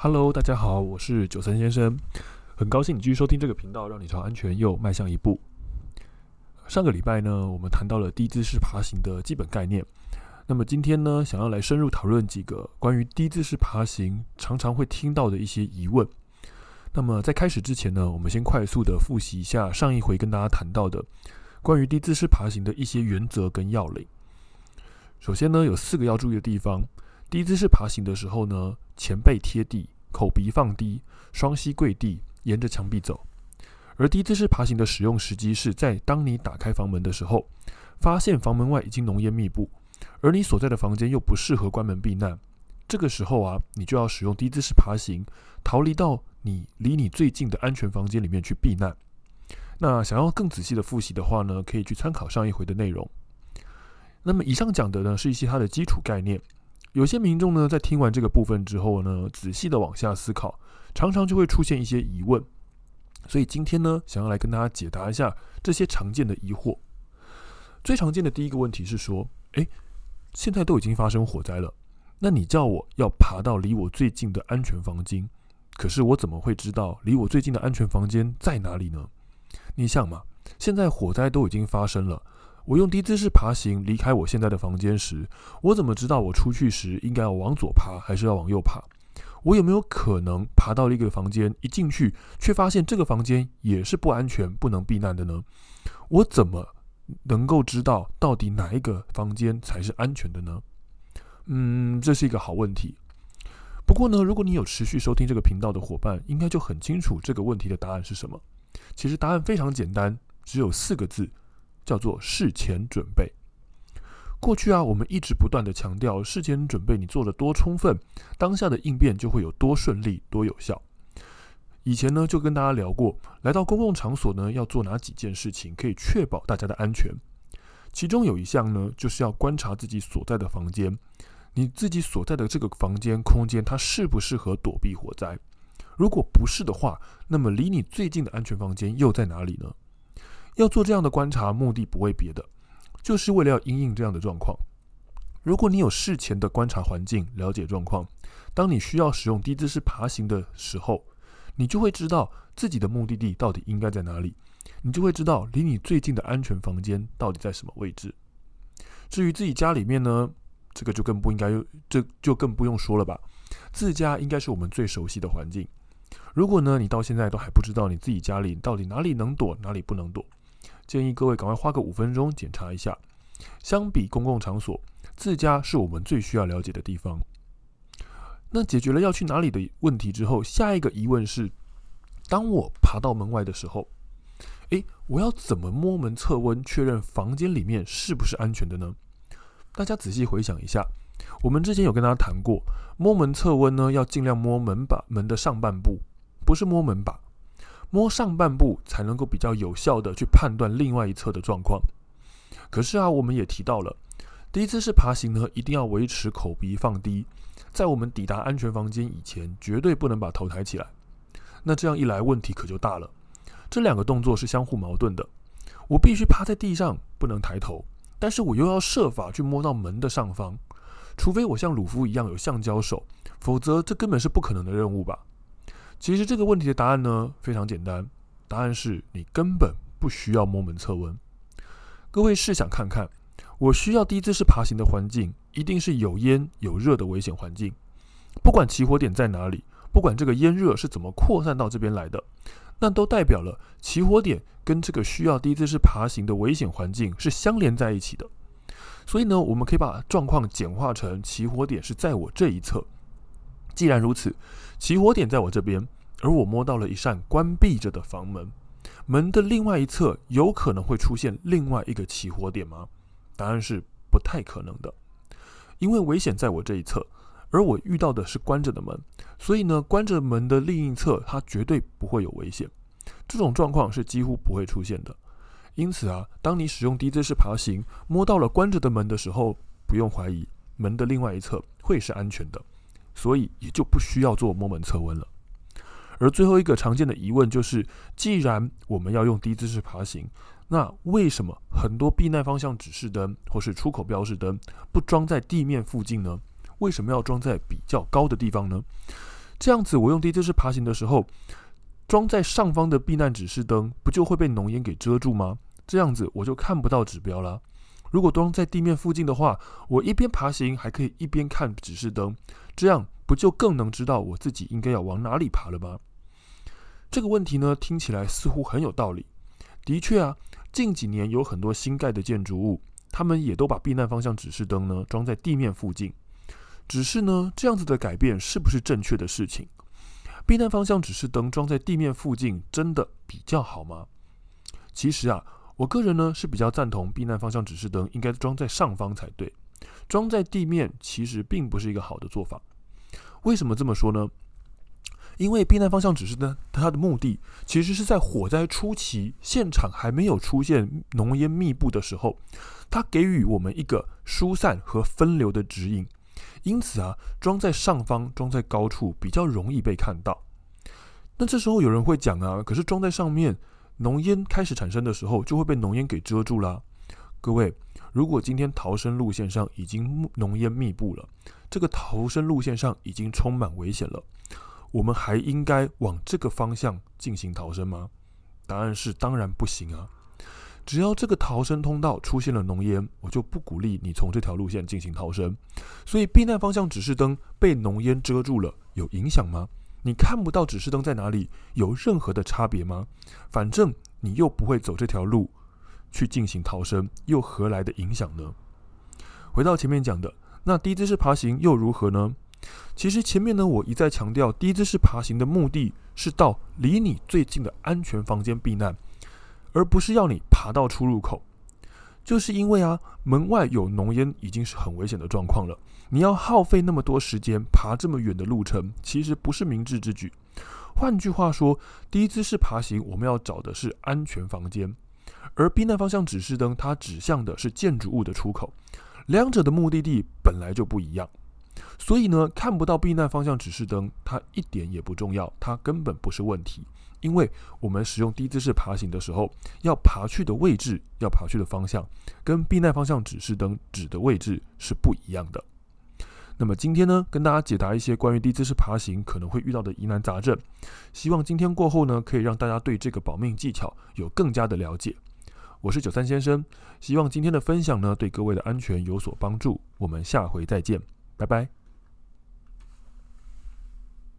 Hello，大家好，我是九三先生，很高興你繼續收聽這個頻道，讓你朝安全又邁向一步。上個禮拜呢，我們談到了低姿勢爬行的基本概念。那麼今天呢，想要來深入討論幾個關於低姿勢爬行常常會聽到的一些疑問。那麼在開始之前呢，我們先快速地複習一下上一回跟大家談到的關於低姿勢爬行的一些原則跟要領。首先呢，有四個要注意的地方。低姿勢爬行的時候呢，前背貼地，口鼻放低，雙膝跪地，沿着牆壁走。而低姿勢爬行的使用時機是在當你打開房門的時候，發現房門外已經濃煙密布，而你所在的房間又不適合關門避難，這個時候啊，你就要使用低姿勢爬行，逃離到你離你最近的安全房間裡面去避難。那想要更仔細的複習的話呢，可以去參考上一回的內容。那麼以上講的呢，是一些它的基礎概念。有些民眾呢，在聽完這個部分之後呢，仔細的往下思考，常常就會出現一些疑問。所以今天呢，想要來跟大家解答一下這些常見的疑惑。最常見的第一個問題是說，欸，現在都已經發生火災了，那你叫我要爬到離我最近的安全房間，可是我怎麼會知道離我最近的安全房間在哪裡呢？你想嘛，現在火災都已經發生了。我用低姿勢爬行離開我現在的房間時，我怎麼知道我出去時應該要往左爬還是要往右爬？我有沒有可能爬到另一個房間，一進去卻發現這個房間也是不安全、不能避難的呢？我怎麼能夠知道到底哪一個房間才是安全的呢？嗯，這是一個好問題。不過呢，如果你有持續收聽這個頻道的伙伴，應該就很清楚這個問題的答案是什麼。其實答案非常簡單，只有四個字。叫做事前準備。過去啊，我們一直不斷地強調，事前準備你做得多充分，當下的應變就會有多順利、多有效。以前呢，就跟大家聊過，來到公共場所呢，要做哪幾件事情可以確保大家的安全。其中有一項呢，就是要觀察自己所在的房間，你自己所在的這個房間空間，它適不適合躲避火災。如果不是的話，那麼離你最近的安全房間又在哪裡呢？要做這樣的觀察，目的不為別的，就是為了要因應這樣的狀況。如果你有事前的觀察環境，了解狀況，當你需要使用低姿勢爬行的時候，你就會知道自己的目的地到底應該在哪裡，你就會知道離你最近的安全房間到底在什麼位置。至於自己家裡面呢，這個就更不應該，這就更不用說了吧。自家應該是我們最熟悉的環境。如果呢，你到現在都還不知道你自己家裡到底哪裡能躲，哪裡不能躲。建議各位趕快花個五分鐘檢查一下。相比公共場所，自家是我們最需要了解的地方。那解決了要去哪裡的問題之後，下一個疑問是：當我爬到門外的時候，誒、欸，我要怎麼摸門測溫，確認房間裡面是不是安全的呢？大家仔細回想一下，我們之前有跟大家談過，摸門測溫呢，要儘量摸門把門的上半部，不是摸門把。摸上半部才能夠比較有效的去判斷另外一側的狀況。可是啊，我們也提到了，低姿勢爬行呢，一定要維持口鼻放低，在我們抵達安全房間以前，絕對不能把頭抬起來。那這樣一來，問題可就大了。這兩個動作是相互矛盾的，我必須趴在地上不能抬頭，但是我又要設法去摸到門的上方，除非我像魯夫一樣有橡膠手，否則這根本是不可能的任務吧。其實這個問題的答案呢，非常簡單，答案是你根本不需要摸門測溫。各位試想看看，我需要低姿勢爬行的環境，一定是有煙有熱的危險環境。不管起火點在哪裡，不管這個煙熱是怎麼擴散到這邊來的，那都代表了起火點跟這個需要低姿勢爬行的危險環境是相連在一起的。所以呢，我們可以把狀況簡化成起火點是在我這一側。既然如此，起火點在我這邊，而我摸到了一扇關閉着的房門，門的另外一側有可能會出現另外一個起火點嗎？答案是不太可能的，因為危險在我這一側，而我遇到的是關着的門，所以呢，關着門的另一側它絕對不會有危險，這種狀況是幾乎不會出現的。因此啊，當你使用低姿勢爬行摸到了關着的門的時候，不用懷疑，門的另外一側會是安全的。所以也就不需要做摸門測溫了。而最後一個常見的疑問就是：既然我們要用低姿勢爬行，那為什麼很多避難方向指示燈或是出口標示燈不裝在地面附近呢？為什麼要裝在比較高的地方呢？這樣子，我用低姿勢爬行的時候，裝在上方的避難指示燈不就會被濃煙給遮住嗎？這樣子我就看不到指標啦。如果裝在地面附近的話，我一邊爬行還可以一邊看指示燈，這樣不就更能知道我自己應該要往哪裡爬了嗎？這個問題呢，聽起來似乎很有道理。的確啊，近幾年有很多新蓋的建築物，他們也都把避難方向指示燈呢裝在地面附近。只是呢，這樣子的改變是不是正確的事情？避難方向指示燈裝在地面附近真的比較好嗎？其實啊，我個人呢是比較贊同避難方向指示燈應該裝在上方才對，裝在地面其實並不是一個好的做法。為什麼這麼說呢？因為避難方向指示燈它的目的其實是在火災初期，現場還沒有出現濃煙密布的時候，它給予我們一個疏散和分流的指引。因此啊，裝在上方、裝在高處比較容易被看到。那這時候有人會講啊，可是裝在上面。濃煙開始產生的時候，就會被濃煙給遮住了啊。各位，如果今天逃生路線上已經濃煙密布了，這個逃生路線上已經充滿危險了，我們還應該往這個方向進行逃生嗎？答案是當然不行啊！只要這個逃生通道出現了濃煙，我就不鼓勵你從這條路線進行逃生。所以，避難方向指示燈被濃煙遮住了，有影響嗎？你看不到指示燈在哪裡，有任何的差別嗎？反正你又不會走這條路去進行逃生，又何來的影響呢？回到前面講的，那低姿勢爬行又如何呢？其實前面呢，我一再強調，低姿勢爬行的目的是到離你最近的安全房間避難，而不是要你爬到出入口。就是因為啊，門外有濃煙已經是很危險的狀況了。你要耗費那麼多時間爬這麼遠的路程，其實不是明智之舉。換句話說，低姿勢爬行，我們要找的是安全房間；而避難方向指示燈它指向的是建築物的出口，兩者的目的地本來就不一樣。所以呢，看不到避難方向指示燈，它一點也不重要，它根本不是問題。因為我們使用低姿勢爬行的時候，要爬去的位置、要爬去的方向，跟避難方向指示燈指的位置是不一樣的。那麼今天呢，跟大家解答一些關於低姿勢爬行可能會遇到的疑難雜症，希望今天過後呢，可以讓大家對這個保命技巧有更加的了解。我是九三先生，希望今天的分享呢，對各位的安全有所幫助。我們下回再見，拜拜。